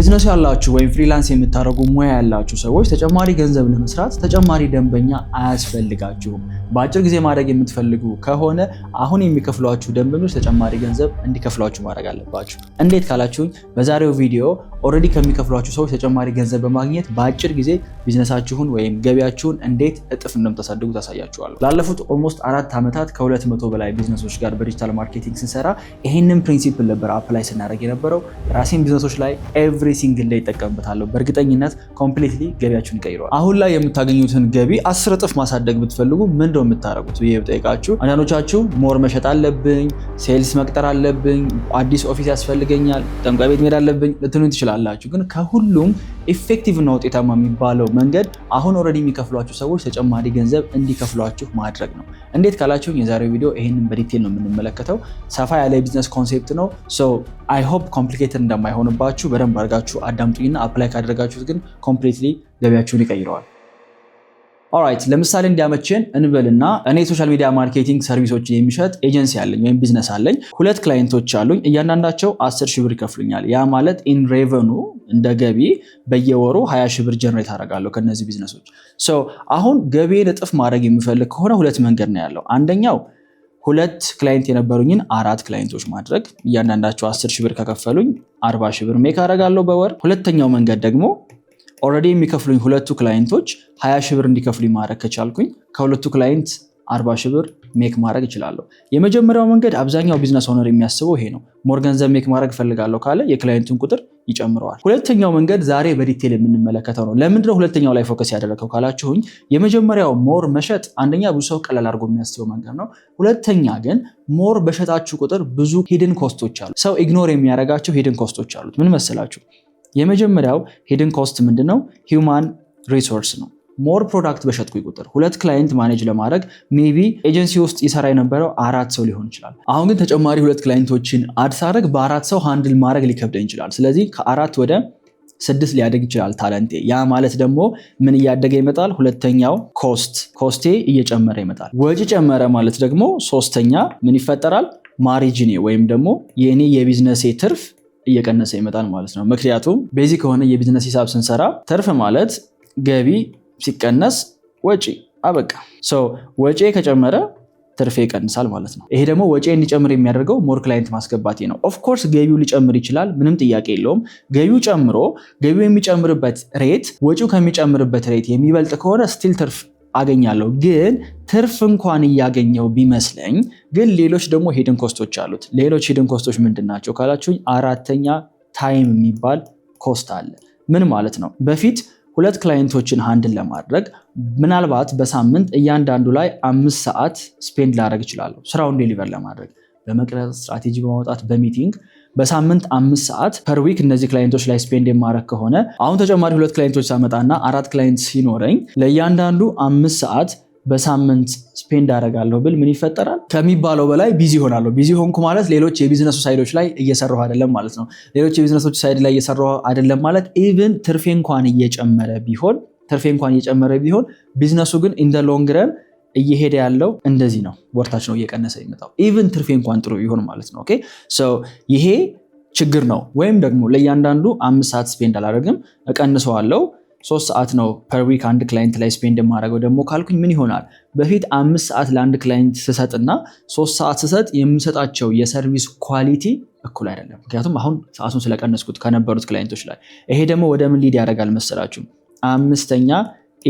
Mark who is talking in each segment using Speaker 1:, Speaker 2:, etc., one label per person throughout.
Speaker 1: ቢዝነስ ያላችሁ ወይም ፍሪላንስ የምታደርጉ ሙያ ያላችሁ ሰዎች ተጨማሪ ገንዘብ ለመስራት ተጨማሪ ደንበኛ አያስፈልጋችሁም። በአጭር ጊዜ ማድረግ የምትፈልጉ ከሆነ አሁን የሚከፍሏችሁ ደንበኞች ተጨማሪ ገንዘብ እንዲከፍሏችሁ ማድረግ አለባችሁ። እንዴት ካላችሁኝ በዛሬው ቪዲዮ ኦልሬዲ ከሚከፍሏችሁ ሰዎች ተጨማሪ ገንዘብ በማግኘት በአጭር ጊዜ ቢዝነሳችሁን ወይም ገቢያችሁን እንዴት እጥፍ እንደምታሳድጉ ታሳያችኋለሁ። ላለፉት ኦልሞስት አራት ዓመታት ከሁለት መቶ በላይ ቢዝነሶች ጋር በዲጂታል ማርኬቲንግ ስንሰራ ይህንን ፕሪንሲፕል ነበር አፕላይ ስናደርግ የነበረው ራሴን ቢዝነሶች ላይ ኤቭሪ ሬሲንግን ላይ ይጠቀምበታለሁ። በእርግጠኝነት ኮምፕሊትሊ ገቢያችሁን ይቀይረዋል። አሁን ላይ የምታገኙትን ገቢ አስር እጥፍ ማሳደግ ብትፈልጉ ምንድነው ነው የምታደርጉት ብዬ ብጠይቃችሁ አንዳንዶቻችሁ ሞር መሸጥ አለብኝ፣ ሴልስ መቅጠር አለብኝ፣ አዲስ ኦፊስ ያስፈልገኛል፣ ጠንቋይ ቤት መሄድ አለብኝ ልትሉኝ ትችላላችሁ። ግን ከሁሉም ኢፌክቲቭ እና ውጤታማ የሚባለው መንገድ አሁን ኦልሬዲ የሚከፍሏችሁ ሰዎች ተጨማሪ ገንዘብ እንዲከፍሏችሁ ማድረግ ነው። እንዴት ካላችሁ የዛሬው ቪዲዮ ይህንን በዲቴል ነው የምንመለከተው። ሰፋ ያለ የቢዝነስ ኮንሴፕት ነው። አይሆፕ ኮምፕሊኬትድ እንደማይሆንባችሁ በደንብ አድርጋችሁ አዳምጡኝና አፕላይ ካደረጋችሁት ግን ኮምፕሊትሊ ገቢያችሁን ይቀይረዋል። ኦራይት ለምሳሌ እንዲያመችን እንበልና እኔ ሶሻል ሚዲያ ማርኬቲንግ ሰርቪሶችን የሚሸጥ ኤጀንሲ አለኝ ወይም ቢዝነስ አለኝ። ሁለት ክላይንቶች አሉኝ። እያንዳንዳቸው አስር ሺህ ብር ይከፍሉኛል። ያ ማለት ኢን ሬቨኑ እንደ ገቢ በየወሩ ሀያ ሺህ ብር ጀነሬት አደርጋለሁ ከእነዚህ ቢዝነሶች። አሁን ገቢን እጥፍ ማድረግ የሚፈልግ ከሆነ ሁለት መንገድ ነው ያለው። አንደኛው ሁለት ክላይንት የነበሩኝን አራት ክላይንቶች ማድረግ እያንዳንዳቸው አስር ሺህ ብር ከከፈሉኝ አርባ ሺህ ብር ሜክ አደርጋለሁ በወር። ሁለተኛው መንገድ ደግሞ ኦልሬዲ የሚከፍሉኝ ሁለቱ ክላይንቶች ሀያ ሺህ ብር እንዲከፍሉኝ ማድረግ ከቻልኩኝ ከሁለቱ ክላይንት አርባ ሺህ ብር ሜክ ማድረግ እችላለሁ። የመጀመሪያው መንገድ አብዛኛው ቢዝነስ ኦነር የሚያስበው ይሄ ነው። ሞር ገንዘብ ሜክ ማድረግ እፈልጋለሁ ካለ የክላይንቱን ቁጥር ይጨምረዋል። ሁለተኛው መንገድ ዛሬ በዲቴል የምንመለከተው ነው። ለምንድነው ሁለተኛው ላይ ፎከስ ያደረገው ካላችሁኝ፣ የመጀመሪያው ሞር መሸጥ አንደኛ ብዙ ሰው ቀላል አድርጎ የሚያስበው መንገድ ነው። ሁለተኛ ግን ሞር በሸጣችሁ ቁጥር ብዙ ሂድን ኮስቶች አሉ። ሰው ኢግኖር የሚያደርጋቸው ሂድን ኮስቶች አሉት። ምን መሰላችሁ? የመጀመሪያው ሂድን ኮስት ምንድነው ነው? ሂውማን ሪሶርስ ነው። ሞር ፕሮዳክት በሸጥኩኝ ቁጥር ሁለት ክላይንት ማኔጅ ለማድረግ ሜቢ ኤጀንሲ ውስጥ ይሰራ የነበረው አራት ሰው ሊሆን ይችላል። አሁን ግን ተጨማሪ ሁለት ክላይንቶችን አድ ሳደርግ በአራት ሰው ሃንድል ማድረግ ሊከብደኝ ይችላል። ስለዚህ ከአራት ወደ ስድስት ሊያደግ ይችላል ታለንቴ። ያ ማለት ደግሞ ምን እያደገ ይመጣል? ሁለተኛው ኮስት ኮስቴ እየጨመረ ይመጣል። ወጪ ጨመረ ማለት ደግሞ ሶስተኛ ምን ይፈጠራል? ማሪጅኔ ወይም ደግሞ የኔ የቢዝነሴ ትርፍ እየቀነሰ ይመጣል ማለት ነው። ምክንያቱም ቤዚክ ከሆነ የቢዝነስ ሂሳብ ስንሰራ ትርፍ ማለት ገቢ ሲቀነስ ወጪ አበቃ። ወጪ ከጨመረ ትርፌ ይቀንሳል ማለት ነው። ይሄ ደግሞ ወጪ እንዲጨምር የሚያደርገው ሞር ክላይንት ማስገባቴ ነው። ኦፍኮርስ ገቢው ሊጨምር ይችላል፣ ምንም ጥያቄ የለውም። ገቢው ጨምሮ ገቢው የሚጨምርበት ሬት ወጪው ከሚጨምርበት ሬት የሚበልጥ ከሆነ ስቲል ትርፍ አገኛለሁ። ግን ትርፍ እንኳን እያገኘው ቢመስለኝ ግን ሌሎች ደግሞ ሂድን ኮስቶች አሉት። ሌሎች ሂድን ኮስቶች ምንድን ናቸው ካላችሁኝ፣ አራተኛ ታይም የሚባል ኮስት አለ። ምን ማለት ነው? በፊት ሁለት ክላይንቶችን ሃንድል ለማድረግ ምናልባት በሳምንት እያንዳንዱ ላይ አምስት ሰዓት ስፔንድ ላደረግ እችላለሁ። ስራውን ዴሊቨር ለማድረግ በመቅረጽ ስትራቴጂ በማውጣት በሚቲንግ በሳምንት አምስት ሰዓት ፐር ዊክ እነዚህ ክላይንቶች ላይ ስፔንድ የማድረግ ከሆነ አሁን ተጨማሪ ሁለት ክላይንቶች ሳመጣና አራት ክላይንት ሲኖረኝ ለእያንዳንዱ አምስት ሰዓት በሳምንት ስፔንድ አደርጋለሁ ብል ምን ይፈጠራል? ከሚባለው በላይ ቢዚ ሆናለሁ። ቢዚ ሆንኩ ማለት ሌሎች የቢዝነሱ ሳይዶች ላይ እየሰራሁ አይደለም ማለት ነው። ሌሎች የቢዝነሶች ሳይድ ላይ እየሰራሁ አይደለም ማለት ኢቭን ትርፌ እንኳን እየጨመረ ቢሆን ትርፌ እንኳን እየጨመረ ቢሆን ቢዝነሱ ግን ኢንደ ሎንግረን ሎንግ ረን እየሄደ ያለው እንደዚህ ነው። ወርታች ነው እየቀነሰ የሚመጣው ኢቭን ትርፌ እንኳን ጥሩ ይሆን ማለት ነው። ኦኬ ሶ ይሄ ችግር ነው። ወይም ደግሞ ለእያንዳንዱ አምስት ሰዓት ስፔንድ አላደርግም እቀንሰዋለሁ ሶስት ሰዓት ነው ፐር ዊክ አንድ ክላይንት ላይ ስፔንድ የማደርገው ደግሞ ካልኩኝ ምን ይሆናል? በፊት አምስት ሰዓት ለአንድ ክላይንት ስሰጥ እና ሶስት ሰዓት ስሰጥ የምሰጣቸው የሰርቪስ ኳሊቲ እኩል አይደለም። ምክንያቱም አሁን ሰዓቱን ስለቀነስኩት ከነበሩት ክላይንቶች ላይ ይሄ ደግሞ ወደ ምን ሊድ ያደርጋል መሰላችሁ? አምስተኛ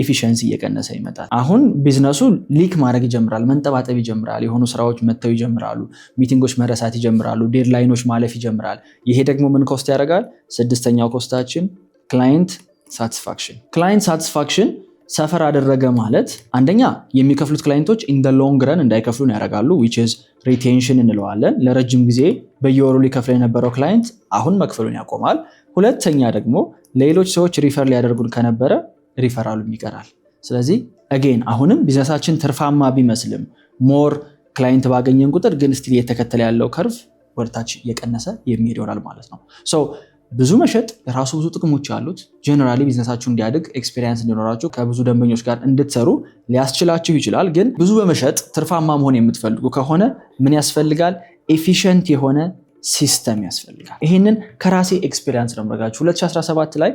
Speaker 1: ኤፊሽንሲ እየቀነሰ ይመጣል። አሁን ቢዝነሱ ሊክ ማድረግ ይጀምራል፣ መንጠባጠብ ይጀምራል፣ የሆኑ ስራዎች መተው ይጀምራሉ፣ ሚቲንጎች መረሳት ይጀምራሉ፣ ዴድላይኖች ማለፍ ይጀምራል። ይሄ ደግሞ ምን ኮስት ያደርጋል? ስድስተኛው ኮስታችን ክላይንት ሳቲስፋክሽን ክላይንት ሳቲስፋክሽን ሰፈር አደረገ ማለት አንደኛ የሚከፍሉት ክላይንቶች ኢንደ ሎንግ ረን እንዳይከፍሉን ያደርጋሉ። ዊች ሪቴንሽን እንለዋለን። ለረጅም ጊዜ በየወሩ ሊከፍል የነበረው ክላይንት አሁን መክፈሉን ያቆማል። ሁለተኛ ደግሞ ሌሎች ሰዎች ሪፈር ሊያደርጉን ከነበረ ሪፈራሉም ይቀራል። ስለዚህ አጌን አሁንም ቢዝነሳችን ትርፋማ ቢመስልም ሞር ክላይንት ባገኘን ቁጥር ግን ስቲል እየተከተለ ያለው ከርቭ ወደታች እየቀነሰ የሚሄድ ይሆናል ማለት ነው። ብዙ መሸጥ ራሱ ብዙ ጥቅሞች አሉት። ጀነራሊ ቢዝነሳችሁ እንዲያድግ ኤክስፔሪንስ እንዲኖራችሁ ከብዙ ደንበኞች ጋር እንድትሰሩ ሊያስችላችሁ ይችላል። ግን ብዙ በመሸጥ ትርፋማ መሆን የምትፈልጉ ከሆነ ምን ያስፈልጋል? ኤፊሽንት የሆነ ሲስተም ያስፈልጋል። ይህንን ከራሴ ኤክስፔሪንስ ነው የምረጋችሁ 2017 ላይ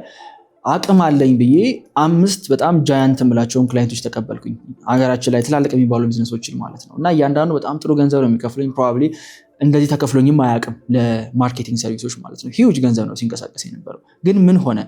Speaker 1: አቅም አለኝ ብዬ አምስት በጣም ጃያንት የምላቸውን ክላይንቶች ተቀበልኩኝ። ሀገራችን ላይ ትላልቅ የሚባሉ ቢዝነሶችን ማለት ነው። እና እያንዳንዱ በጣም ጥሩ ገንዘብ ነው የሚከፍሉኝ። ፕሮባብሊ እንደዚህ ተከፍሎኝም አያውቅም ለማርኬቲንግ ሰርቪሶች ማለት ነው። ሂውጅ ገንዘብ ነው ሲንቀሳቀስ የነበረው። ግን ምን ሆነ?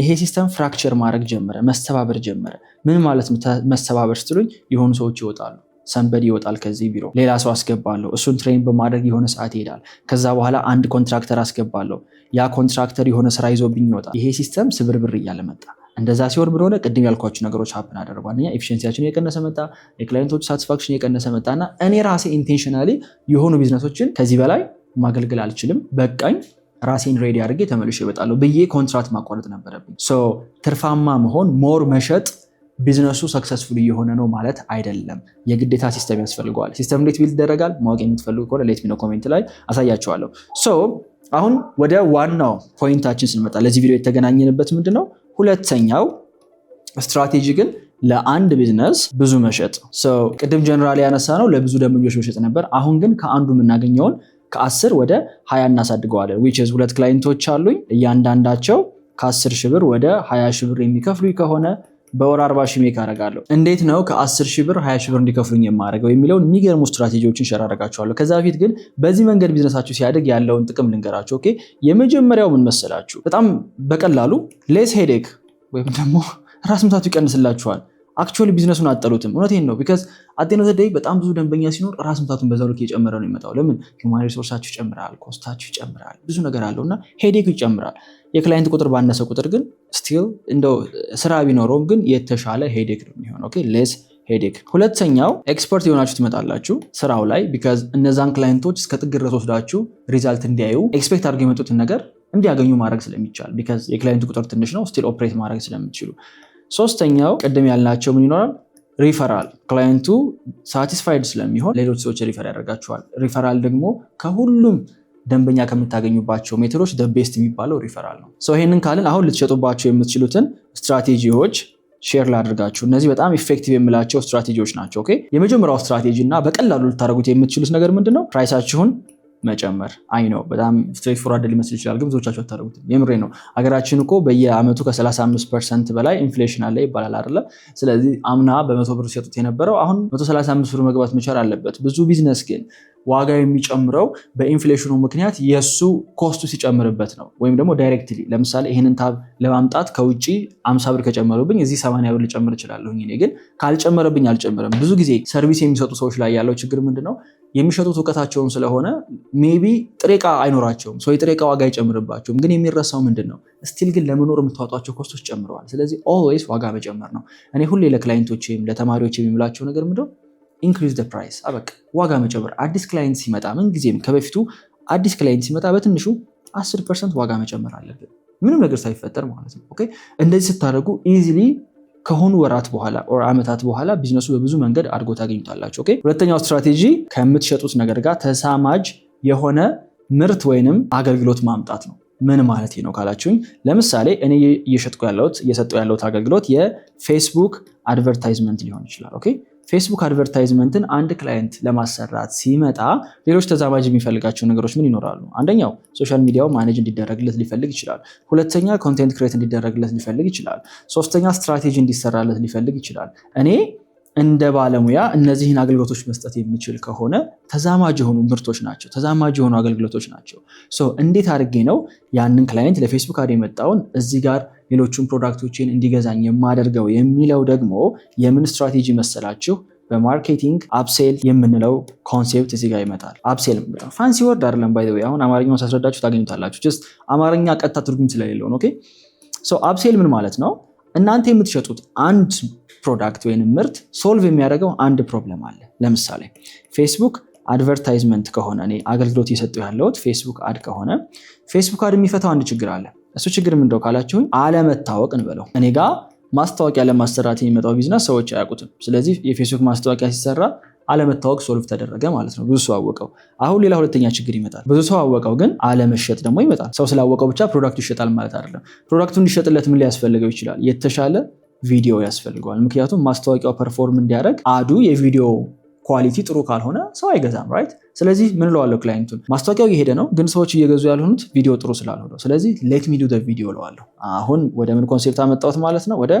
Speaker 1: ይሄ ሲስተም ፍራክቸር ማድረግ ጀመረ፣ መሰባበር ጀመረ። ምን ማለት መሰባበር ስትሉኝ፣ የሆኑ ሰዎች ይወጣሉ ሰንበድ ይወጣል ከዚህ ቢሮ፣ ሌላ ሰው አስገባለሁ። እሱን ትሬን በማድረግ የሆነ ሰዓት ይሄዳል። ከዛ በኋላ አንድ ኮንትራክተር አስገባለሁ። ያ ኮንትራክተር የሆነ ስራ ይዞብኝ ይወጣል። ይሄ ሲስተም ስብርብር እያለ መጣ። እንደዛ ሲሆን ምን ሆነ? ቅድም ያልኳቸው ነገሮች ሀፕን አደረጉ። አንደኛ ኤፊሽንሲያችን የቀነሰ መጣ፣ የክላይንቶች ሳትስፋክሽን የቀነሰ መጣ እና እኔ ራሴ ኢንቴንሽናሊ የሆኑ ቢዝነሶችን ከዚህ በላይ ማገልገል አልችልም፣ በቃኝ ራሴን ሬዲ አድርጌ ተመልሼ እመጣለሁ ብዬ ኮንትራክት ማቋረጥ ነበረብኝ። ሶ ትርፋማ መሆን ሞር መሸጥ ቢዝነሱ ሰክሰስፉል እየሆነ ነው ማለት አይደለም። የግዴታ ሲስተም ያስፈልገዋል። ሲስተም እንዴት ቢልድ ይደረጋል ማወቅ የምትፈልጉ ከሆነ ሌት ሚ ኮሜንት ላይ አሳያቸዋለሁ። ሶ አሁን ወደ ዋናው ፖይንታችን ስንመጣ ለዚህ ቪዲዮ የተገናኘንበት ምንድን ነው? ሁለተኛው ስትራቴጂ ግን ለአንድ ቢዝነስ ብዙ መሸጥ። ቅድም ጀነራል ያነሳ ነው ለብዙ ደንበኞች መሸጥ ነበር። አሁን ግን ከአንዱ የምናገኘውን ከአስር ወደ ሀያ እናሳድገዋለን። ዊችዝ ሁለት ክላይንቶች አሉኝ እያንዳንዳቸው ከአስር ሺህ ብር ወደ ሀያ ሺህ ብር የሚከፍሉኝ ከሆነ በወር 40 ሺህ ሜክ አደርጋለሁ። እንዴት ነው ከ10 ሺህ ብር 20 ሺህ ብር እንዲከፍሉኝ የማደርገው የሚለውን የሚገርሙ ስትራቴጂዎችን ሸር አደርጋችኋለሁ። ከዛ በፊት ግን በዚህ መንገድ ቢዝነሳችሁ ሲያድግ ያለውን ጥቅም ልንገራችሁ። ኦኬ የመጀመሪያው ምን መሰላችሁ? በጣም በቀላሉ ሌስ ሄዴክ ወይም ደግሞ ራስ ምታቱ ይቀንስላችኋል። አክቹዋሊ ቢዝነሱን አጠሉትም። እውነቴን ነው። ቢካዝ አጤነ ዘደይ በጣም ብዙ ደንበኛ ሲኖር ራስ ምታቱን በዛ ልክ እየጨመረ ነው የሚመጣው። ለምን ሂውማን ሪሶርሳችሁ ይጨምራል፣ ኮስታችሁ ይጨምራል፣ ብዙ ነገር አለው እና ሄዴክ ይጨምራል። የክላይንት ቁጥር ባነሰ ቁጥር ግን ስቲል እንደው ስራ ቢኖረውም ግን የተሻለ ሄዴክ ነው የሚሆነው። ሌስ ሄዴክ። ሁለተኛው ኤክስፐርት የሆናችሁ ትመጣላችሁ ስራው ላይ ቢካዝ እነዛን ክላይንቶች እስከ ጥግ ድረስ ወስዳችሁ ሪዛልት እንዲያዩ ኤክስፔክት አድርገው የመጡትን ነገር እንዲያገኙ ማድረግ ስለሚቻል ቢካዝ የክላይንት ቁጥር ትንሽ ነው ስቲል ኦፕሬት ማድረግ ስለምትችሉ ሶስተኛው ቅድም ያልናቸው ምን ይኖራል? ሪፈራል ክላይንቱ ሳቲስፋይድ ስለሚሆን ሌሎች ሰዎች ሪፈር ያደርጋቸዋል። ሪፈራል ደግሞ ከሁሉም ደንበኛ ከምታገኙባቸው ሜቶዶች ቤስት የሚባለው ሪፈራል ነው። ሰው ይህንን ካልን አሁን ልትሸጡባቸው የምትችሉትን ስትራቴጂዎች ሼር ላደርጋችሁ። እነዚህ በጣም ኢፌክቲቭ የምላቸው ስትራቴጂዎች ናቸው። ኦኬ የመጀመሪያው ስትራቴጂ እና በቀላሉ ልታደርጉት የምትችሉት ነገር ምንድን ነው? ፕራይሳችሁን መጨመር አይ ነው በጣም ስትሬት ፎርዋርድ ሊመስል ይችላል፣ ግን ብዙዎቻቸው አታደርጉትም። የምሬ ነው። ሀገራችን እኮ በየአመቱ ከ35 ፐርሰንት በላይ ኢንፍሌሽን አለ ይባላል አይደለ? ስለዚህ አምና በመቶ ብር ሲሰጡት የነበረው አሁን 135 ብር መግባት መቻል አለበት። ብዙ ቢዝነስ ግን ዋጋ የሚጨምረው በኢንፍሌሽኑ ምክንያት የእሱ ኮስቱ ሲጨምርበት ነው። ወይም ደግሞ ዳይሬክትሊ ለምሳሌ ይህንን ታብ ለማምጣት ከውጭ አምሳ ብር ከጨመሩብኝ እዚህ ሰማንያ ብር ልጨምር እችላለሁ። እኔ ግን ካልጨመረብኝ አልጨምርም። ብዙ ጊዜ ሰርቪስ የሚሰጡ ሰዎች ላይ ያለው ችግር ምንድን ነው? የሚሸጡት እውቀታቸውን ስለሆነ ሜቢ ጥሬ አይኖራቸውም። ሰው የጥሬ ዋጋ አይጨምርባቸውም። ግን የሚረሳው ምንድን ነው? ስቲል ግን ለመኖር የምታወጧቸው ኮስቶች ጨምረዋል። ስለዚህ ኦልዌይስ ዋጋ መጨመር ነው። እኔ ሁሌ ለክላይንቶች ወይም ለተማሪዎች የሚምላቸው ነገር ምንድን ነው ኢንክሪዝ ደ ፕራይስ አበቃ። ዋጋ መጨመር። አዲስ ክላይንት ሲመጣ ምን ጊዜም ከበፊቱ አዲስ ክላይንት ሲመጣ በትንሹ 10 ፐርሰንት ዋጋ መጨመር አለብን፣ ምንም ነገር ሳይፈጠር ማለት ነው። ኦኬ እንደዚህ ስታደርጉ ኢዚሊ ከሆኑ ወራት በኋላ ኦር ዓመታት በኋላ ቢዝነሱ በብዙ መንገድ አድጎ ታገኙታላችሁ። ኦኬ ሁለተኛው ስትራቴጂ ከምትሸጡት ነገር ጋር ተሳማጅ የሆነ ምርት ወይንም አገልግሎት ማምጣት ነው። ምን ማለት ነው ካላችሁኝ፣ ለምሳሌ እኔ እየሸጥኩ ያለሁት እየሰጠው ያለሁት አገልግሎት የፌስቡክ አድቨርታይዝመንት ሊሆን ይችላል። ኦኬ ፌስቡክ አድቨርታይዝመንትን አንድ ክላይንት ለማሰራት ሲመጣ ሌሎች ተዛማጅ የሚፈልጋቸው ነገሮች ምን ይኖራሉ? አንደኛው ሶሻል ሚዲያው ማኔጅ እንዲደረግለት ሊፈልግ ይችላል። ሁለተኛ ኮንቴንት ክሬት እንዲደረግለት ሊፈልግ ይችላል። ሶስተኛ ስትራቴጂ እንዲሰራለት ሊፈልግ ይችላል። እኔ እንደ ባለሙያ እነዚህን አገልግሎቶች መስጠት የሚችል ከሆነ ተዛማጅ የሆኑ ምርቶች ናቸው፣ ተዛማጅ የሆኑ አገልግሎቶች ናቸው። እንዴት አድርጌ ነው ያንን ክላይንት ለፌስቡክ አድ የመጣውን እዚህ ጋር ሌሎቹን ፕሮዳክቶችን እንዲገዛኝ የማደርገው የሚለው ደግሞ የምን ስትራቴጂ መሰላችሁ? በማርኬቲንግ አፕሴል የምንለው ኮንሴፕት እዚህ ጋር ይመጣል። አፕሴል በጣም ፋንሲ ወርድ አይደለም። ባይ አሁን አማርኛውን ሳስረዳችሁ ታገኙታላችሁ። ጀስት አማርኛ ቀጥታ ትርጉም ስለሌለውን ኦኬ። አፕሴል ምን ማለት ነው? እናንተ የምትሸጡት አንድ ፕሮዳክት ወይም ምርት ሶልቭ የሚያደርገው አንድ ፕሮብለም አለ። ለምሳሌ ፌስቡክ አድቨርታይዝመንት ከሆነ እኔ አገልግሎት እየሰጠሁ ያለሁት ፌስቡክ አድ ከሆነ ፌስቡክ አድ የሚፈታው አንድ ችግር አለ። እሱ ችግር ምንደው ካላችሁኝ አለመታወቅ እንበለው። እኔ ጋር ማስታወቂያ ለማሰራት የሚመጣው ቢዝነስ ሰዎች አያውቁትም። ስለዚህ የፌስቡክ ማስታወቂያ ሲሰራ አለመታወቅ ሶልቭ ተደረገ ማለት ነው። ብዙ ሰው አወቀው። አሁን ሌላ ሁለተኛ ችግር ይመጣል። ብዙ ሰው አወቀው፣ ግን አለመሸጥ ደግሞ ይመጣል። ሰው ስላወቀው ብቻ ፕሮዳክቱ ይሸጣል ማለት አይደለም። ፕሮዳክቱ እንዲሸጥለት ምን ሊያስፈልገው ይችላል? የተሻለ ቪዲዮ ያስፈልገዋል። ምክንያቱም ማስታወቂያው ፐርፎርም እንዲያደርግ አዱ የቪዲዮ ኳሊቲ ጥሩ ካልሆነ ሰው አይገዛም። ራይት። ስለዚህ ምን እለዋለሁ ክላይንቱን፣ ማስታወቂያው እየሄደ ነው፣ ግን ሰዎች እየገዙ ያልሆኑት ቪዲዮ ጥሩ ስላልሆነ፣ ስለዚህ ሌት ሚ ዱ ደ ቪዲዮ እለዋለሁ። አሁን ወደ ምን ኮንሴፕት አመጣሁት ማለት ነው? ወደ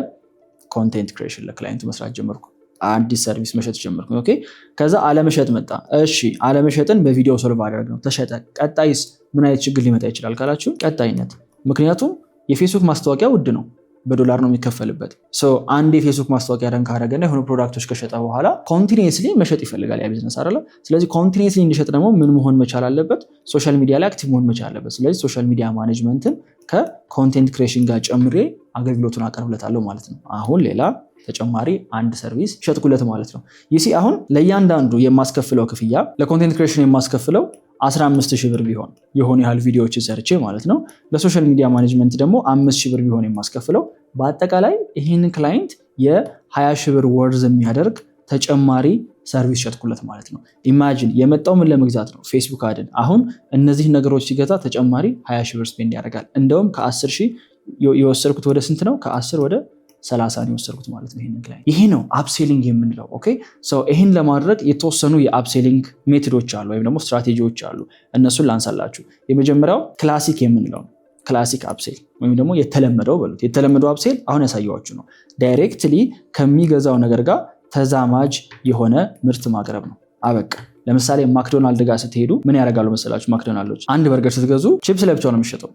Speaker 1: ኮንቴንት ክሬሽን ለክላይንቱ መስራት ጀመርኩ። አዲስ ሰርቪስ መሸጥ ጀመርኩኝ። ኦኬ ከዛ አለመሸጥ መጣ። እሺ አለመሸጥን በቪዲዮ ሶልቭ አደረግ ነው ተሸጠ። ቀጣይስ ምን አይነት ችግር ሊመጣ ይችላል ካላችሁ፣ ቀጣይነት ምክንያቱም የፌስቡክ ማስታወቂያ ውድ ነው በዶላር ነው የሚከፈልበት። አንድ የፌስቡክ ማስታወቂያ ደን ካደረገና የሆኑ ፕሮዳክቶች ከሸጠ በኋላ ኮንቲኒስሊ መሸጥ ይፈልጋል ያ ቢዝነስ አለ። ስለዚህ ኮንቲኒስሊ እንዲሸጥ ደግሞ ምን መሆን መቻል አለበት? ሶሻል ሚዲያ ላይ አክቲቭ መሆን መቻል አለበት። ስለዚህ ሶሻል ሚዲያ ማኔጅመንትን ከኮንቴንት ክሬሽን ጋር ጨምሬ አገልግሎቱን አቀርብለታለሁ ማለት ነው። አሁን ሌላ ተጨማሪ አንድ ሰርቪስ ሸጥኩለት ማለት ነው። ይሲ አሁን ለእያንዳንዱ የማስከፍለው ክፍያ ለኮንቴንት ክሬሽን የማስከፍለው 15 ሺህ ብር ቢሆን የሆኑ ያህል ቪዲዮዎችን ሰርቼ ማለት ነው። ለሶሻል ሚዲያ ማኔጅመንት ደግሞ አምስት ሺህ ብር ቢሆን የማስከፍለው በአጠቃላይ ይህን ክላይንት የ20 ሺህ ብር ወርዝ የሚያደርግ ተጨማሪ ሰርቪስ ሸጥኩለት ማለት ነው። ኢማጂን የመጣው ምን ለመግዛት ነው? ፌስቡክ አድን። አሁን እነዚህ ነገሮች ሲገዛ ተጨማሪ 20 ሺህ ብር ስፔንድ ያደርጋል። እንደውም ከ10 ሺህ የወሰድኩት ወደ ስንት ነው? ከ10 ወደ ሰላሳ ነው የወሰድኩት ማለት ነው። ይህንን ክላይንት ይሄ ነው አፕሴሊንግ የምንለው። ኦኬ ሰው ይህን ለማድረግ የተወሰኑ የአፕሴሊንግ ሜቶዶች አሉ ወይም ደግሞ ስትራቴጂዎች አሉ። እነሱን ላንሳላችሁ። የመጀመሪያው ክላሲክ የምንለው ነው። ክላሲክ አፕሴል ወይም ደግሞ የተለመደው በሉት የተለመደው አፕሴል አሁን ያሳየዋችሁ ነው። ዳይሬክትሊ ከሚገዛው ነገር ጋር ተዛማጅ የሆነ ምርት ማቅረብ ነው። አበቃ። ለምሳሌ ማክዶናልድ ጋር ስትሄዱ ምን ያደርጋሉ መሰላችሁ? ማክዶናልዶች አንድ በርገር ስትገዙ ቺፕስ ለብቻው ነው የሚሸጠው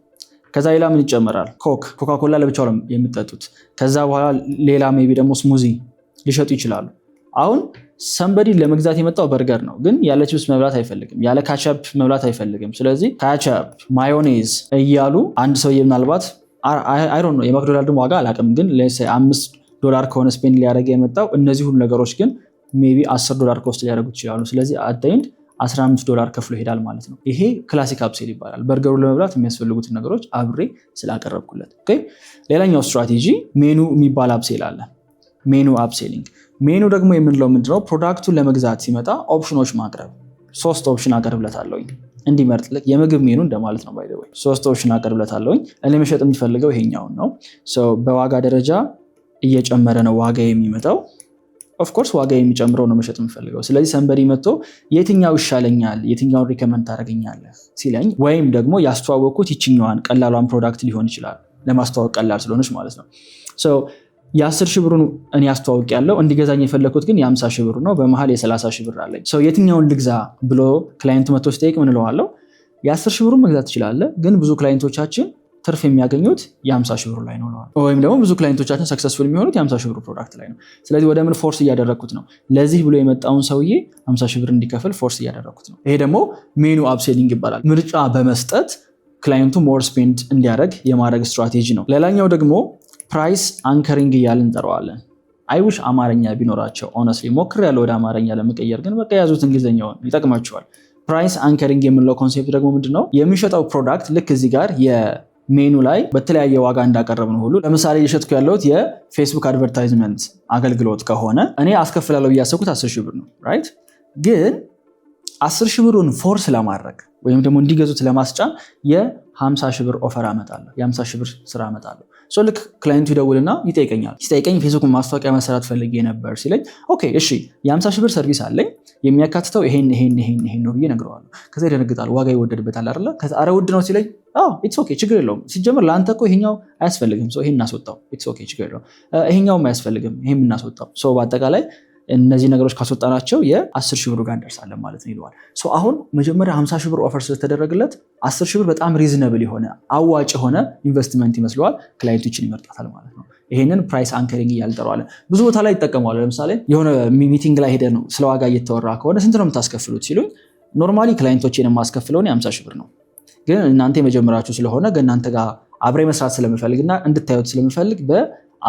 Speaker 1: ከዛ ሌላ ምን ይጨመራል? ኮክ ኮካኮላ ለብቻው የምጠጡት። ከዛ በኋላ ሌላ ሜቢ ደግሞ ስሙዚ ሊሸጡ ይችላሉ። አሁን ሰንበዲ ለመግዛት የመጣው በርገር ነው፣ ግን ያለ ችብስ መብላት አይፈልግም፣ ያለ ካቻፕ መብላት አይፈልግም። ስለዚህ ካቻፕ ማዮኔዝ እያሉ አንድ ሰው ምናልባት አይሮ ነው የማክዶናልድን ዋጋ አላውቅም፣ ግን አምስት ዶላር ከሆነ ስፔንድ ሊያደረገ የመጣው እነዚህ ሁሉ ነገሮች ግን ሜይ ቢ አስር ዶላር ከውስጥ ሊያደርጉት ይችላሉ። ስለዚህ አዳይንድ 15 ዶላር ከፍሎ ይሄዳል ማለት ነው። ይሄ ክላሲክ አፕሴል ይባላል። በርገሩ ለመብላት የሚያስፈልጉትን ነገሮች አብሬ ስላቀረብኩለት። ሌላኛው ስትራቴጂ ሜኑ የሚባል አፕሴል አለ። ሜኑ አፕሴሊንግ። ሜኑ ደግሞ የምንለው ምንድነው? ፕሮዳክቱን ለመግዛት ሲመጣ ኦፕሽኖች ማቅረብ። ሶስት ኦፕሽን አቀርብለታለሁኝ እንዲመርጥለት የምግብ ሜኑ እንደማለት ነው። ባይ ሶስት ኦፕሽን አቀርብለታለሁኝ። እኔ መሸጥ የሚፈልገው ይሄኛውን ነው። በዋጋ ደረጃ እየጨመረ ነው ዋጋ የሚመጣው ኦፍኮርስ ዋጋ የሚጨምረው ነው መሸጥ የምፈልገው። ስለዚህ ሰንበሪ መጥቶ የትኛው ይሻለኛል፣ የትኛውን ሪከመንድ ታደርገኛለህ ሲለኝ ወይም ደግሞ ያስተዋወቅኩት ይችኛዋን ቀላሏን ፕሮዳክት ሊሆን ይችላል ለማስተዋወቅ ቀላል ስለሆነች ማለት ነው። የአስር ሺህ ብሩን እኔ አስተዋውቅ ያለው እንዲገዛኝ የፈለግኩት ግን የአምሳ ሺህ ብሩ ነው። በመሀል የሰላሳ ሺህ ብር አለኝ። የትኛውን ልግዛ ብሎ ክላይንት መቶ ሲጠይቅ ምንለዋለው? የአስር ሺህ ብሩን መግዛት ትችላለህ፣ ግን ብዙ ክላይንቶቻችን ትርፍ የሚያገኙት የ50 ሺህ ላይ ነው ወይም ደግሞ ብዙ ክላይንቶቻችን ሰክሰስፉል የሚሆኑት የ50 ፕሮዳክት ላይ ነው። ስለዚህ ወደ ምን ፎርስ እያደረግኩት ነው? ለዚህ ብሎ የመጣውን ሰውዬ 50 ብር እንዲከፍል ፎርስ እያደረግኩት ነው። ይሄ ደግሞ ሜኑ አፕሴሊንግ ይባላል። ምርጫ በመስጠት ክላይንቱ ሞር ስፔንድ እንዲያደረግ የማድረግ ስትራቴጂ ነው። ሌላኛው ደግሞ ፕራይስ አንከሪንግ እያል እንጠራዋለን። አይውሽ አማርኛ ቢኖራቸው ኦነስሊ ሞክር ያለ ወደ አማርኛ ለመቀየር ግን በቃ የያዙት እንግሊዝኛውን ይጠቅማቸዋል። ፕራይስ አንከሪንግ የምንለው ኮንሴፕት ደግሞ ምንድን ነው? የሚሸጠው ፕሮዳክት ልክ እዚህ ጋር ሜኑ ላይ በተለያየ ዋጋ እንዳቀረብ ነው ሁሉ ለምሳሌ እየሸጥኩ ያለሁት የፌስቡክ አድቨርታይዝመንት አገልግሎት ከሆነ እኔ አስከፍላለሁ እያሰብኩት ያሰብኩት አስር ሺህ ብር ነው ራይት ግን አስር ሺህ ብሩን ፎርስ ለማድረግ ወይም ደግሞ እንዲገዙት ለማስጫን የ50 ሺህ ብር ኦፈር አመጣለሁ። የ50 ሺህ ብር ስራ አመጣለሁ። ሶ ልክ ክላይንቱ ይደውልና ይጠይቀኛል። ሲጠይቀኝ ፌስቡክ ማስታወቂያ መሰራት ፈልጌ ነበር ሲለኝ፣ ኦኬ እሺ፣ የአምሳ ሺህ ብር ሰርቪስ አለኝ የሚያካትተው ይሄን ይሄን ይሄን ይሄን ነው ብዬ ነግረዋሉ። ከዛ ይደነግጣል። ዋጋ ይወደድበታል አለ። ከዛ አረ ውድ ነው ሲለኝ ኢትስ ኦኬ ችግር የለውም። ሲጀምር ለአንተ እኮ ይሄኛው አያስፈልግም፣ ይሄን እናስወጣው። ኢትስ ኦኬ ችግር የለውም፣ ይሄኛውም አያስፈልግም፣ ይሄም እናስወጣው። በአጠቃላይ እነዚህ ነገሮች ካስወጣናቸው የአስር ሺህ ብር ጋር እንደርሳለን ማለት ነው ይለዋል። አሁን መጀመሪያ ሀምሳ ሺህ ብር ኦፈር ስለተደረገለት አስር ሺህ ብር በጣም ሪዝነብል የሆነ አዋጭ የሆነ ኢንቨስትመንት ይመስለዋል። ክላይንቶችን ይመርጣታል ማለት ነው። ይሄንን ፕራይስ አንከሪንግ እያልን ብዙ ቦታ ላይ ይጠቀመዋል። ለምሳሌ የሆነ ሚቲንግ ላይ ሄደ ነው ስለ ዋጋ እየተወራ ከሆነ ስንት ነው የምታስከፍሉት ሲሉኝ ኖርማሊ ክላይንቶችን የማስከፍለውን የሀምሳ ሺህ ብር ነው ግን እናንተ የመጀመሪያችሁ ስለሆነ ከእናንተ ጋር አብሬ መስራት ስለምፈልግና እንድታዩት ስለምፈልግ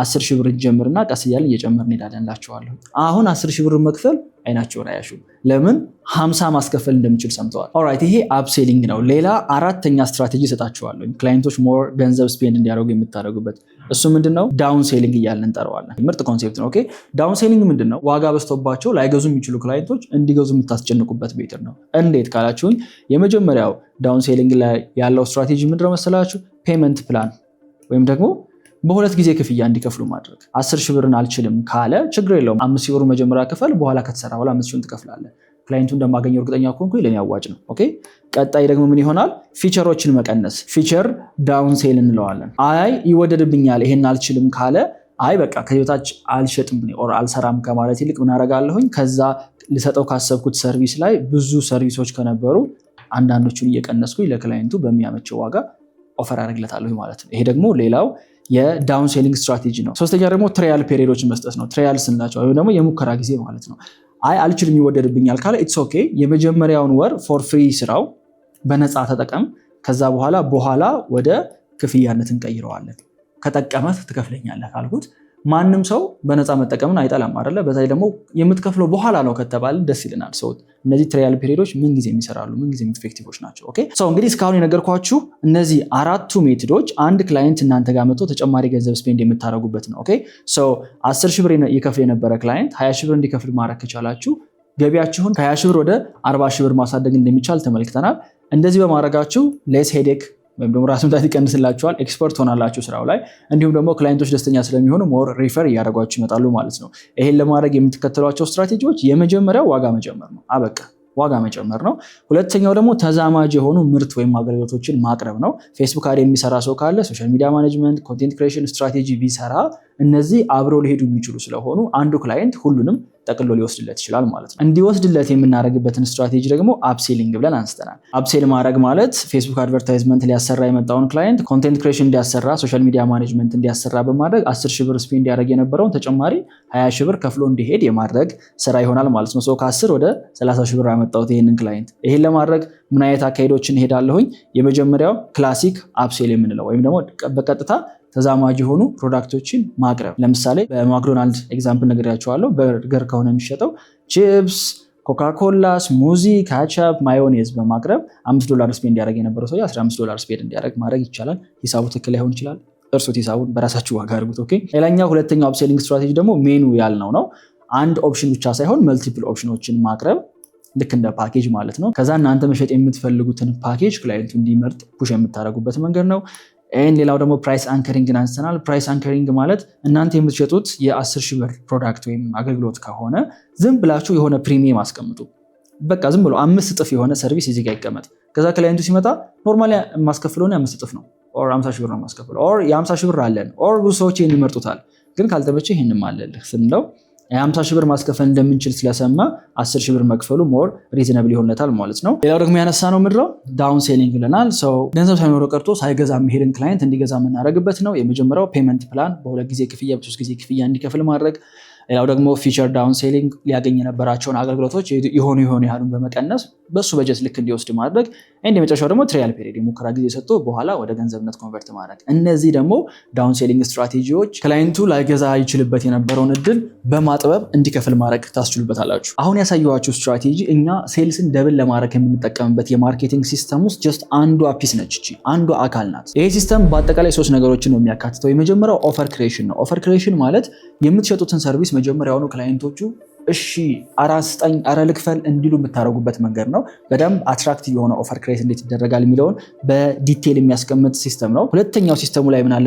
Speaker 1: አስር ሺህ ብር ጀምርና ቀስ እያለን እየጨመር እንሄዳለን ላቸዋለሁ። አሁን አስር ሺህ ብር መክፈል አይናቸውን አያሹም። ለምን ሀምሳ ማስከፈል እንደምችል ሰምተዋል። ኦራይት ይሄ አፕሴሊንግ ነው። ሌላ አራተኛ ስትራቴጂ እሰጣቸዋለሁ። ክላይንቶች ሞር ገንዘብ ስፔንድ እንዲያደርጉ የምታደርጉበት እሱ ምንድን ነው? ዳውን ሴሊንግ እያለን እንጠራዋለን። ምርጥ ኮንሴፕት ነው። ዳውን ሴሊንግ ምንድን ነው? ዋጋ በዝቶባቸው ላይገዙ የሚችሉ ክላይንቶች እንዲገዙ የምታስጨንቁበት ቤትር ነው። እንዴት ካላችሁኝ የመጀመሪያው ዳውን ሴሊንግ ላይ ያለው ስትራቴጂ ምንድነው መሰላችሁ? ፔመንት ፕላን ወይም ደግሞ በሁለት ጊዜ ክፍያ እንዲከፍሉ ማድረግ። አስር ሺህ ብርን አልችልም ካለ ችግር የለውም አምስት ሺህ ብሩን መጀመሪያ ክፈል፣ በኋላ ከተሰራ በኋላ አምስት ሺህን ትከፍላለህ። ክላይንቱ እንደማገኘው እርግጠኛ ከሆንኩ ለእኔ አዋጭ ነው። ኦኬ ቀጣይ ደግሞ ምን ይሆናል? ፊቸሮችን መቀነስ። ፊቸር ዳውን ሴል እንለዋለን። አይ ይወደድብኛል ይሄን አልችልም ካለ አይ በቃ ከዚህ በታች አልሸጥም ኦር አልሰራም ከማለት ይልቅ ምን አደርጋለሁኝ ከዛ ልሰጠው ካሰብኩት ሰርቪስ ላይ ብዙ ሰርቪሶች ከነበሩ አንዳንዶቹን እየቀነስኩኝ ለክላይንቱ በሚያመቸው ዋጋ ኦፈር ያደርግለታለሁ ማለት ነው። ይሄ ደግሞ ሌላው የዳውን ሴሊንግ ስትራቴጂ ነው። ሶስተኛ ደግሞ ትሪያል ፔሪዶችን መስጠት ነው። ትሪያል ስንላቸው ወይም ደግሞ የሙከራ ጊዜ ማለት ነው። አይ አልችልም ይወደድብኛል ካለ ኢትስ ኦኬ፣ የመጀመሪያውን ወር ፎር ፍሪ ስራው በነፃ ተጠቀም። ከዛ በኋላ በኋላ ወደ ክፍያነት እንቀይረዋለን። ከጠቀመህ ትከፍለኛለህ ካልኩት ማንም ሰው በነፃ መጠቀምን አይጠላም አለ። በተለይ ደግሞ የምትከፍለው በኋላ ነው ከተባል ደስ ይልናል። ሰው እነዚህ ትሪያል ፔሪዶች ምን የሚሰራሉ ምንጊዜ ኢፌክቲቮች ናቸው። ኦኬ ሰው እንግዲህ እስካሁን የነገርኳችሁ እነዚህ አራቱ ሜትዶች አንድ ክላይንት እናንተ ጋር መጥቶ ተጨማሪ ገንዘብ ስፔንድ የምታደርጉበት ነው። ኦኬ ሰው አስር ሺህ ብር ይከፍል የነበረ ክላይንት ሀያ ሺህ ብር እንዲከፍል ማድረግ ከቻላችሁ ገቢያችሁን ከሀያ ሺህ ብር ወደ አርባ ሺህ ብር ማሳደግ እንደሚቻል ተመልክተናል። እንደዚህ በማድረጋችሁ ሌስ ሄዴክ ወይም ደግሞ ራስ ምታት ይቀንስላቸዋል። ኤክስፐርት ሆናላቸው ስራው ላይ እንዲሁም ደግሞ ክላይንቶች ደስተኛ ስለሚሆኑ ሞር ሪፈር እያደረጓቸው ይመጣሉ ማለት ነው። ይሄን ለማድረግ የምትከተሏቸው ስትራቴጂዎች የመጀመሪያው ዋጋ መጨመር ነው። አበቃ ዋጋ መጨመር ነው። ሁለተኛው ደግሞ ተዛማጅ የሆኑ ምርት ወይም አገልግሎቶችን ማቅረብ ነው። ፌስቡክ አድ የሚሰራ ሰው ካለ ሶሻል ሚዲያ ማኔጅመንት፣ ኮንቴንት ክሬሽን ስትራቴጂ ቢሰራ እነዚህ አብረው ሊሄዱ የሚችሉ ስለሆኑ አንዱ ክላይንት ሁሉንም ጠቅሎ ሊወስድለት ይችላል ማለት ነው። እንዲወስድለት የምናደርግበትን ስትራቴጂ ደግሞ አፕሴሊንግ ብለን አንስተናል። አፕሴል ማድረግ ማለት ፌስቡክ አድቨርታይዝመንት ሊያሰራ የመጣውን ክላይንት ኮንቴንት ክሬሽን እንዲያሰራ፣ ሶሻል ሚዲያ ማኔጅመንት እንዲያሰራ በማድረግ አስር ሺህ ብር ስፔ እንዲያደርግ የነበረውን ተጨማሪ ሀያ ሺህ ብር ከፍሎ እንዲሄድ የማድረግ ስራ ይሆናል ማለት ነው። ሰው ከአስር ወደ ሰላሳ ሺህ ብር ያመጣሁት ይህንን ክላይንት። ይህን ለማድረግ ምን አይነት አካሄዶችን እሄዳለሁኝ? የመጀመሪያው ክላሲክ አፕሴል የምንለው ወይም ደግሞ በቀጥታ ተዛማጅ የሆኑ ፕሮዳክቶችን ማቅረብ ለምሳሌ በማክዶናልድ ኤግዛምፕል ነግሬያቸዋለሁ። በርገር ከሆነ የሚሸጠው ቺፕስ ኮካኮላ፣ ስሙዚ፣ ካቻፕ፣ ማዮኔዝ በማቅረብ አምስት ዶላር ስፔድ እንዲያደርግ የነበረው ሰው አስራ ዶላር ስፔድ እንዲያደርግ ማድረግ ይቻላል። ሂሳቡ ትክክል ላይሆን ይችላል። እርሱት ሂሳቡን በራሳችሁ ዋጋ አድርጉት። ኦኬ። ሌላኛው ሁለተኛው አፕሴሊንግ ስትራቴጂ ደግሞ ሜኑ ያልነው ነው። አንድ ኦፕሽን ብቻ ሳይሆን መልቲፕል ኦፕሽኖችን ማቅረብ ልክ እንደ ፓኬጅ ማለት ነው። ከዛ እናንተ መሸጥ የምትፈልጉትን ፓኬጅ ክላይንቱ እንዲመርጥ ፑሽ የምታደርጉበት መንገድ ነው። ይህን ሌላው ደግሞ ፕራይስ አንከሪንግን አንስተናል። ፕራይስ አንከሪንግ ማለት እናንተ የምትሸጡት የአስር ሺህ ብር ፕሮዳክት ወይም አገልግሎት ከሆነ ዝም ብላችሁ የሆነ ፕሪሚየም አስቀምጡ። በቃ ዝም ብሎ አምስት እጥፍ የሆነ ሰርቪስ እዚህ ጋ ይቀመጥ። ከዛ ክላይንቱ ሲመጣ ኖርማሊ የማስከፍለውን አምስት እጥፍ ነው ኦር አምሳ ሺህ ብር ነው የማስከፍለው ኦር የአምሳ ሺህ ብር አለን ኦር ብዙ ሰዎች ይህን ይመርጡታል። ግን ካልተመቸ ይህንም አለልህ ስንለው 50 ሺህ ብር ማስከፈል እንደምንችል ስለሰማ 10 ሺህ ብር መክፈሉ ሞር ሪዝነብል ይሆንለታል ማለት ነው። ሌላው ደግሞ ያነሳ ነው ምድረው ዳውን ሴሊንግ ብለናል። ሰው ገንዘብ ሳይኖረው ቀርቶ ሳይገዛ መሄድን ክላይንት እንዲገዛ የምናደርግበት ነው። የመጀመሪያው ፔመንት ፕላን፣ በሁለት ጊዜ ክፍያ፣ በሶስት ጊዜ ክፍያ እንዲከፍል ማድረግ ሌላው ደግሞ ፊቸር ዳውን ሴሊንግ ሊያገኝ የነበራቸውን አገልግሎቶች የሆኑ የሆኑ ያህሉን በመቀነስ በሱ በጀት ልክ እንዲወስድ ማድረግ እንደ መጨረሻው ደግሞ ትሪያል ፔሪድ የሙከራ ጊዜ ሰጥቶ በኋላ ወደ ገንዘብነት ኮንቨርት ማድረግ። እነዚህ ደግሞ ዳውን ስትራቴጂዎች ክላይንቱ ላይገዛ ይችልበት የነበረውን እድል በማጥበብ እንዲከፍል ማድረግ ታስችሉበታላችሁ። አሁን ያሳየኋችሁ ስትራቴጂ እኛ ሴልስን ደብል ለማድረግ የምንጠቀምበት የማርኬቲንግ ሲስተም ውስጥ ጀስት አንዷ ፒስ ነች፣ እቺ አንዱ አካል ናት። ይሄ ሲስተም በአጠቃላይ ሶስት ነገሮችን ነው የሚያካትተው። የመጀመሪያው ኦፈር ክሬሽን ነው። ኦፈር ክሬሽን ማለት የምትሸጡትን ሰርቪስ መጀመሪያውኑ ክላይንቶቹ እሺ አራስጠኝ አረ ልክፈል እንዲሉ የምታደርጉበት መንገድ ነው። በደንብ አትራክቲቭ የሆነ ኦፈር ክሬት እንዴት ይደረጋል የሚለውን በዲቴል የሚያስቀምጥ ሲስተም ነው። ሁለተኛው ሲስተሙ ላይ ምን አለ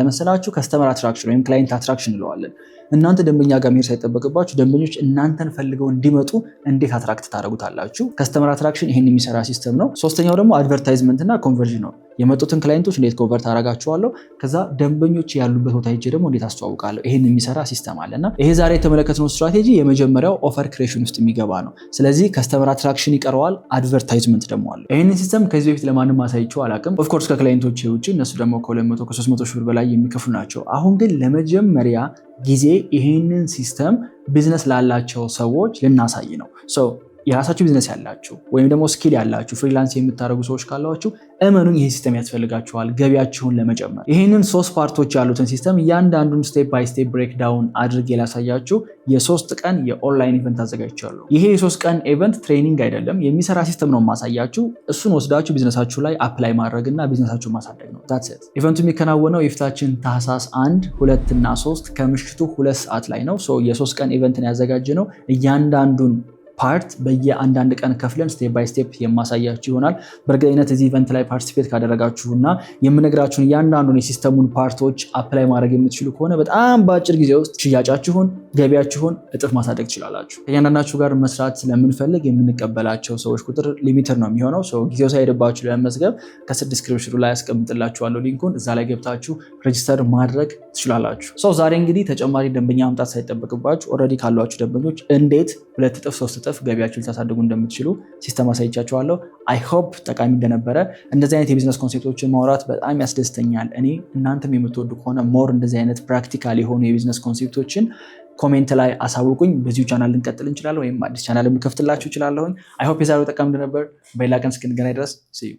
Speaker 1: ከስተመር አትራክሽን ወይም ክላይንት አትራክሽን እንለዋለን። እናንተ ደንበኛ ጋር መሄድ ሳይጠበቅባችሁ ደንበኞች እናንተን ፈልገው እንዲመጡ እንዴት አትራክት ታደርጉታላችሁ። ከስተመር አትራክሽን ይሄን የሚሰራ ሲስተም ነው። ሶስተኛው ደግሞ አድቨርታይዝመንት እና ኮንቨርዥን ነው። የመጡትን ክላይንቶች እንዴት ኮንቨርት አደርጋቸዋለሁ፣ ከዛ ደንበኞች ያሉበት ቦታ ሄጄ ደግሞ እንዴት አስተዋውቃለሁ። ይህን የሚሰራ ሲስተም አለ እና ይሄ ዛሬ የተመለከትነው ስትራቴጂ የመጀመሪያው ኦፈር ክሬሽን ውስጥ የሚገባ ነው። ስለዚህ ከስተመር አትራክሽን ይቀረዋል፣ አድቨርታይዝመንት ደግሞ አለ። ይህንን ሲስተም ከዚህ በፊት ለማንም አሳይቼው አላውቅም። ኦፍኮርስ ከክላይንቶች ውጭ እነሱ ደግሞ ከ200 ከ300 ሺህ ብር በላይ የሚከፍሉ ናቸው። አሁን ግን ለመጀመሪያ ጊዜ ይህንን ሲስተም ቢዝነስ ላላቸው ሰዎች ልናሳይ ነው። የራሳችሁ ቢዝነስ ያላችሁ ወይም ደግሞ ስኪል ያላችሁ ፍሪላንስ የምታደርጉ ሰዎች ካላችሁ እመኑን ይህ ሲስተም ያስፈልጋችኋል ገቢያችሁን ለመጨመር። ይህንን ሶስት ፓርቶች ያሉትን ሲስተም እያንዳንዱን ስቴፕ ባይ ስቴፕ ብሬክዳውን አድርጌ ላሳያችሁ። የሶስት ቀን የኦንላይን ኢቨንት አዘጋጅቻለሁ። ይሄ የሶስት ቀን ኢቨንት ትሬኒንግ አይደለም፣ የሚሰራ ሲስተም ነው ማሳያችሁ። እሱን ወስዳችሁ ቢዝነሳችሁ ላይ አፕላይ ማድረግ እና ቢዝነሳችሁ ማሳደግ ነው። ታትት ኢቨንቱ የሚከናወነው የፊታችን ታህሳስ አንድ ሁለትና ሶስት ከምሽቱ ሁለት ሰዓት ላይ ነው። የሶስት ቀን ኢቨንትን ያዘጋጀ ነው እያንዳንዱን ፓርት በየአንዳንድ ቀን ከፍለን ስቴፕ ባይ ስቴፕ የማሳያችሁ ይሆናል። በእርግጠኝነት እዚህ ኢቨንት ላይ ፓርቲሲፔት ካደረጋችሁ እና የምነግራችሁን እያንዳንዱን የሲስተሙን ፓርቶች አፕላይ ማድረግ የምትችሉ ከሆነ በጣም በአጭር ጊዜ ውስጥ ሽያጫችሁን፣ ገቢያችሁን እጥፍ ማሳደግ ትችላላችሁ። ከእያንዳንዳችሁ ጋር መስራት ስለምንፈልግ የምንቀበላቸው ሰዎች ቁጥር ሊሚትር ነው የሚሆነው። ጊዜው ሳይደባችሁ ለመመዝገብ ከስር ዲስክሪፕሽኑ ላይ ያስቀምጥላችኋለሁ ሊንኩን። እዛ ላይ ገብታችሁ ሬጅስተር ማድረግ ትችላላችሁ። ሰው ዛሬ እንግዲህ ተጨማሪ ደንበኛ መምጣት ሳይጠበቅባችሁ ኦልሬዲ ካሏችሁ ደንበኞች እንዴት ሁለት እጥፍ ሶስት በማስጠፍ ገቢያችሁን ልታሳድጉ እንደምትችሉ ሲስተም አሳይቻችኋለሁ። አይሆፕ ጠቃሚ እንደነበረ። እንደዚህ አይነት የቢዝነስ ኮንሴፕቶችን ማውራት በጣም ያስደስተኛል። እኔ እናንተም የምትወዱ ከሆነ ሞር እንደዚህ አይነት ፕራክቲካል የሆኑ የቢዝነስ ኮንሴፕቶችን ኮሜንት ላይ አሳውቁኝ። በዚሁ ቻናል ልንቀጥል እንችላለን፣ ወይም አዲስ ቻናል ልከፍትላችሁ እችላለሁኝ። አይሆፕ የዛሬው ጠቃሚ እንደነበር። በሌላ ቀን እስክንገናኝ ድረስ ስዩ